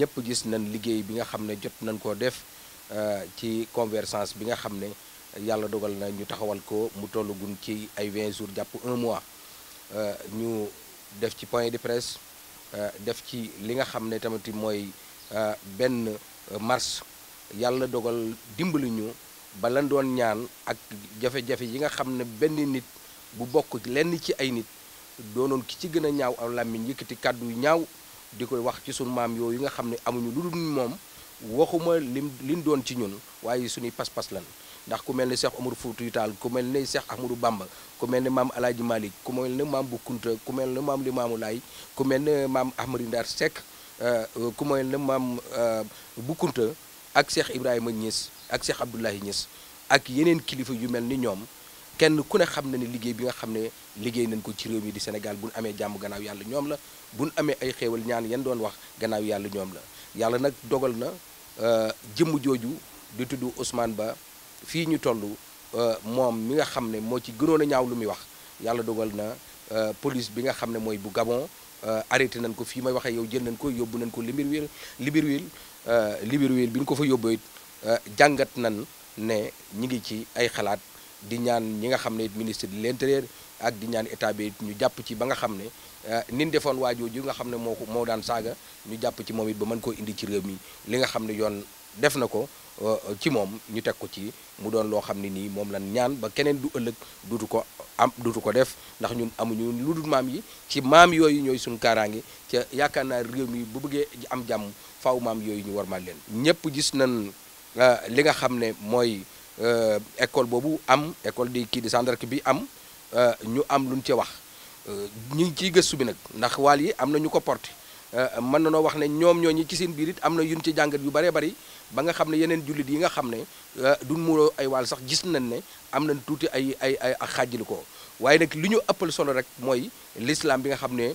ñëpp gis nañ liggéey bi nga xamné jot nañ ko def euh, ci convergence bi nga xamné yalla dogal na ñu taxawal ko mu tollagun ci ay 20 jours japp 1 mois euh, ñu def ci point de presse euh, def ci li nga xamné ne moy euh ben mars yalla dogal dimbali ñu ba lan doon ñaan ak jafe-jafe yi nga xamné ben nit bu bokk lenn ci ay nit doonon ki ci gëna ñaaw aw lamine yëkëti kaddu ñaaw di koy wax ci sunu maam yooyu nga xam ne amuñu lu dul moom waxuma lim liñ doon ci ñun waaye suñuy pas-pas lan ndax ku mel ne Cheikh Omar Foutiyou Tall ku mel ne Cheikh Ahmadou Bamba ku mel ni maam Alaaji Malick ku mel ne maam Bu Kunta ku mel ne maam Limaamu Laay ku mel ne maam Ahmadou Ndar Seck euh, euh, ku mel ne maam euh, Bu Kunta ak seex Ibrahima ñis ak Cheikh Abdoulaye Niass ak yeneen kilifa yu mel ni ñoom kenn ku ne xam na ne liggéey bi nga xam ne liggéey nañ ko ci réew mi di Sénégal buñ amee jàmm gannaaw yàlla ñoom la buñ amee ay xéewal ñaan yan doon wax gannaaw yàlla ñoom la yàlla nag dogal na euh, jëmm jooju di tudd Ousmane Ba fii ñu toll euh, moom mi nga xam ne moo ci gënoon a lu muy wax yàlla dogal na euh, police bi nga xam ne mooy bu Gabon arrêté nañ ko fii may waxee yow jël nañ ko yóbbu nañ ko Libreville Libreville Libreville bi ñu ko fa yóbbu it jàngat nañ ne ñi ngi ci ay xalaat di ñaan ñi nga xam ne it ministre de l'intérieur ak di ñaan état bi ñu jàpp ci ba nga xam ne euh, nin defoon waajooju nga xam ne moo ko moo daan saaga ñu jàpp ci moom it ba man koo indi ci réew yi li nga xam ne yoon def na ko euh, ci moom ñu teg ko ci mu doon loo xam ne nii moom lan ñaan ba keneen du ëllëg duutu ko am duutu ko def ndax ñun amuñu lu dul maam yi ci maam yooyu ñooy suñu kaaraange ca yaakaar naa réew mi bu bëggee am jàmm faw maam yooyu ñu war maa leen ñëpp gis nañ euh, li nga xam ne mooy Euh, école boobu am école di kii di gendarmerie bi am euh, ñu am luñ ci wax euh, ñu ngi ciy gëstu bi nag ndax waal yi am na ñu ko porté mën na noo wax ne ñoom ñoo ñi ci seen biir it am na yuñ ci jàngat yu bëree bëri ba nga xam ne yeneen jullit yi nga xam ne du muuroo ay waal sax gis nañ ne am nañ tuuti ay ay ay ak ko waaye nag li ñu ëppal solo rek mooy lislaam bi nga xam ne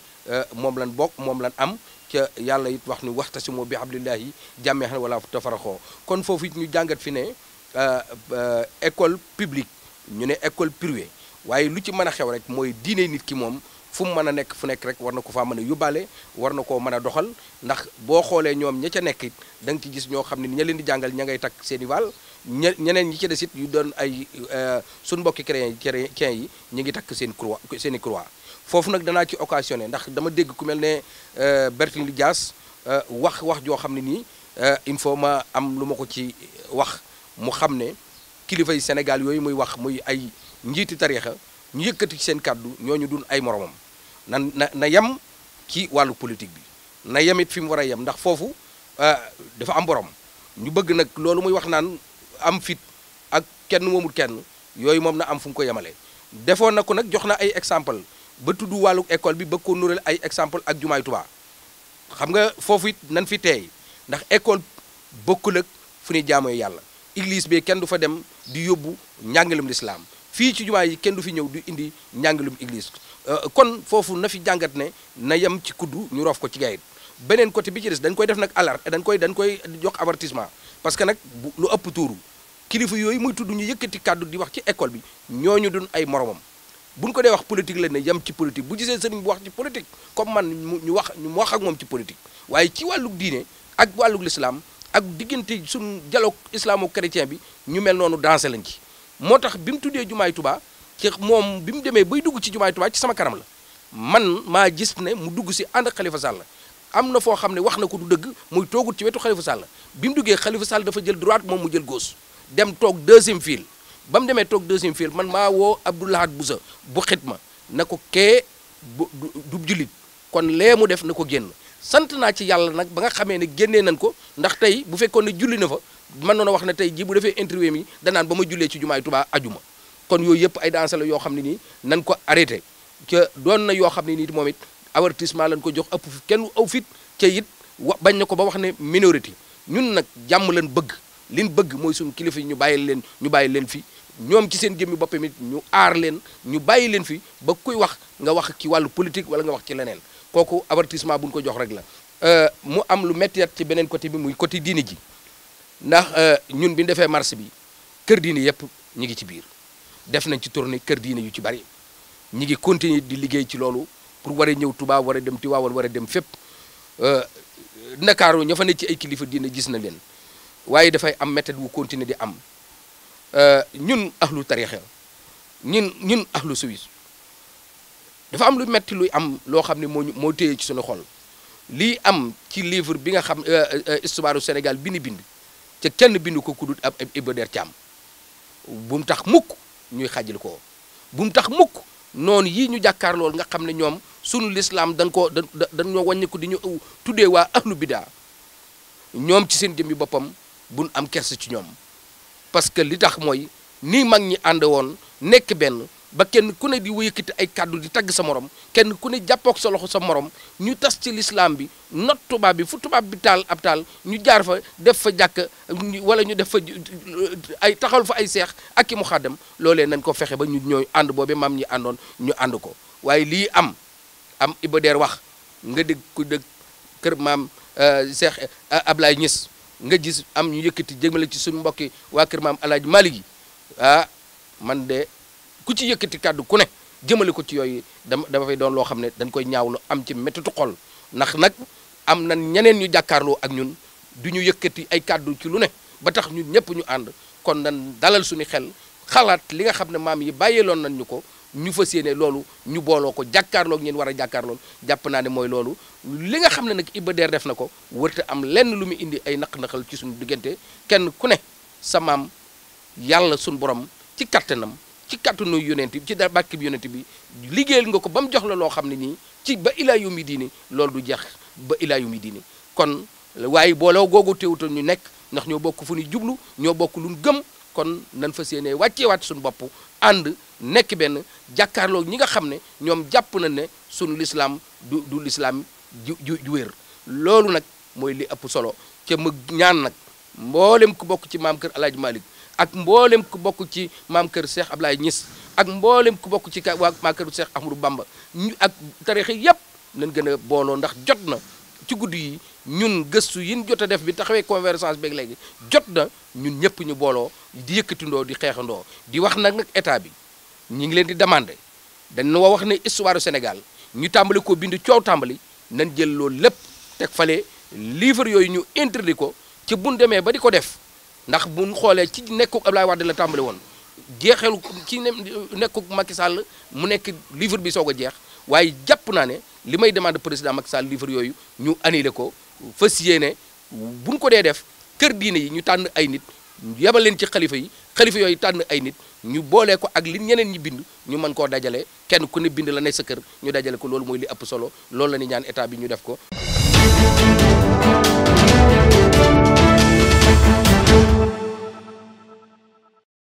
moom lan bokk moom lan am ca yàlla yit wax nu waxta si hablillahi jàmmee xam ne wala tafaraxoo kon foofu it ñu jàngat fi ne Euh, euh, école publique ñu ne école privée waaye lu ci mën a xew rek mooy diine nit ki moom fu mu mën a nekk fu nekk rek war na ko faa mën a yóbbaale war na koo mën a doxal ndax boo xoolee ñoom ña ca nekk it da nga ci gis ñoo xam ne ña leen di jàngal ña ngay takk seeni i ña ñeneen ñi ci des it yu doon ay euh, suñ mbokki chrétien yi ñu ngi takk seen croix seen i foofu nag danaa ci occasionné ndax dama dégg ku mel ne Barthélémy Dias wax wax joo xam ne nii il faut ma am lu ma ko ci wax mu xam ne kilifa yi Sénégal yooyu muy wax muy ay njiiti tariixa ñu yëkkati ci seen kàddu ñoo ñu dun ay moromam na na na yem ci wàllu politique bi na yem it fi mu war a yem ndax foofu euh, dafa am borom ñu bëgg nag loolu muy wax naan am fit ak kenn moomul kenn yooyu moom na am fu mu ko yemale. defoon na ko nag jox na ay exemple ba tudd wàllu école bi ba ko nural ay exemple ak jumaay Tuubaa xam nga foofu it nañ fi teey ndax école bokkul ak fu ñuy jaamoo yàlla. église bi kenn du fa dem di yóbbu njàngalum lislaam fii ci jumaa yi kenn du fi indi njàngalum église euh, kon fofu na fi jàngat ne na yam ci kuddu ñu roof ko ci gayit beneen côté bi ci des dañ koy def nag alerte dañ koy dañ koy jox avertissement parce que nag lu ëpp tuuru kilifa yooyu muy tudd ñu yëkkati kàddu di wax ci école bi ñooñu dun ay moromam buñ ko dee wax politique la ne yem ci politique bu gisee sëriñ bu wax ci politique comme man ñu wax ñu wax ak moom ci politique waaye ci wàllu diine ak wàllu lislaam ak diggante suñu dialogue islamo-chrétien bi ñu mel noonu dansé lañ ci moo tax bi mu tuddee jumaay tubaa ci moom bi mu demee bay dugg ci jumaay Tuubaa ci sama kanam la man maa gis ne mu dugg si ànd ak Xalifa la am na foo xam ne wax na ko du dëgg muy toogut ci wetu Xalifa la bi mu duggee Xalifa Sall dafa jël droite moom mu jël gauche dem toog deuxième file ba mu demee toog deuxième file man maa woo Abdoulahat Boussa bu xit ma na ko kee du jullit kon lee mu def na ko génn sant naa ci yàlla nag ba nga xamee ne génne nañ ko ndax tey bu fekkoon ne julli na fa mën noona wax ne tey ji bu defee interview mi danaan ba ma jullee ci jumaay Tuubaa ajuma kon yooyu yëpp ay danse la yoo xam ne nii nan ko arrêté ca doon na yoo xam ne nii moom it avertissement lañ ko jox ëpp kenn aw fit ca it wa bañ na ko ba wax ne minorité ñun nag jàmm lañ bëgg liñ bëgg mooy suñu kilifa yi ñu bàyyi leen ñu bàyyi leen fi ñoom ci seen jëmmi boppam it ñu aar leen ñu bàyyi fi ba kuy wax nga wax ci wàllu politique wala nga wax ci leneen kooku avertissement buñ ko jox rek la euh, mu am lu méttiyat ci beneen côté bi muy côté diini ji ndax euh, ñun bi ñu defee marché bi kër diini yëpp ñu ngi ci biir def nañ ci tournée kër diini yu ci bari ñu ngi continuer di liggéey ci loolu pour war a ñëw tubaab war a dem Tiwaawan war a dem fépp euh, Ndakaaru ña fa ne ci ay kilifa diina gis na leen waaye dafay am méthode wu continuer di am ñun ahlu tarixa ñun ñun ahlu suwis dafa am lu metti luy am loo xam ne moo moo téye ci suñu xol lii am ci livre bi nga xam euh, euh, euh, histoire du Sénégal bi ni bind ca kenn bind ko kudut ab Iba Der Thiam bu mu tax mukk ñuy xajal ko bu mu tax mukk noonu yii ñu jàkkaar lool nga xam ne ñoom sunu lislaam dañ ko da dañ ñoo wàññiku di ñu tuddee waa ahlu bidaa ñoom ci seen jëmmi boppam buñ am kerse ci ñoom parce que li tax mooy nii mag ñi ànd woon nekk benn ba kenn ku ne di yëkkati ay kàddu di tagg sa morom kenn ku ne jàppook sa loxo sa morom ñu tas ci lislaam bi not tubaab bi fu tubaab bi taal ab taal ñu jaar fa def fa jàkk wala ñu def fa ay taxawal fa ay seex ak loolee nañ ko fexe ba ñu ñooy ànd boobee maam ñi àndoon ñu ànd ko waaye lii am am ibadeer wax nga dégg ku dégg kër maam seex euh, euh, Ablaye Niass nga gis am ñu yëkkati jëmale ci suñu mbokki waa kër maam El Hadj Malick ah man de ku ci yëkkati kàddu ku ne jëmale ko ci yooyu dama dafay doon loo xam ne dañ koy ñaawlu am ci méttitu xol ndax nag am na ñeneen ñu jàkkaarloo ak ñun du ñu yëkkati ay kàddu ci lu ne ba tax ñun ñëpp ñu ànd kon nan dalal suñu xel xalaat li nga xam ne maam yi bàyyeeloon nañ ñu ko ñu fas yéene loolu ñu booloo ko jàkkaarloog ñeen war a jàkkaarloon jàpp naa ne mooy loolu li nga xam ne nag Iba Der def na ko wërta am lenn lu mu indi ay naq-naqal ci suñu diggante kenn ku ne sa maam suñu borom ci kattanam ci nu yonent bi ci barke bi bi liggéeyal nga ko ba mu jox la loo xam ne nii ci ba ilaa yu mi diini loolu du jeex ba ilaa yu mi diini kon waaye booloo googu teewutal ñu nekk ndax ñoo bokk fu ñu jublu ñoo bokk lu ñu gëm kon nan fas yéenee wàcceewaat suñu bopp ànd nekk benn jàkkaarloo ñi nga xam ne ñoom jàpp na ne suñu lislaam du lislaam ju ju wér loolu nag mooy li ëpp solo ca ma ñaan nag mboolem ku bokk ci maam kër El Hadj ak mbooleem ku bokk ci maam kër ab laay ñis ak mbooleem ku bokk ci waa maam kër Cheikh Ahmadou Bamba ñu ak tarix yépp nañ gën a booloo ndax jot na ci guddi yi ñun gëstu yi ñu jot a def bi taxawee convergence beeg léegi jot na ñun ñëpp ñu booloo di yëkkatindoo di xeexandoo di wax nag nag état bi ñu ngi leen di demandé dañ na wax ne histoire Sénégal ñu tàmbali ko bind coow tàmbali nañ jël loolu lépp teg fale livre yooyu ñu interdit ko ci bun demee ba di ko def ndax bu ñu xoolee ci nekkuk Abdoulaye Wade la tàmbali woon jeexelu ci nekku Macky Sall mu nekk livre bi soog a jeex waaye jàpp naa ne li may demande président Macky Sall livre yooyu ñu annulé ko fas yéene bu ñu ko dee def kër diine yi ñu tànn ay nit yebal leen ci xalifa yi xalifa yooyu tànn ay nit ñu boolee ko ak li ñeneen ñi bind ñu mën koo dajale kenn ku ne bind la ne sa kër ñu dajale ko loolu mooy li ëpp solo loolu la ni ñaan état bi ñu def ko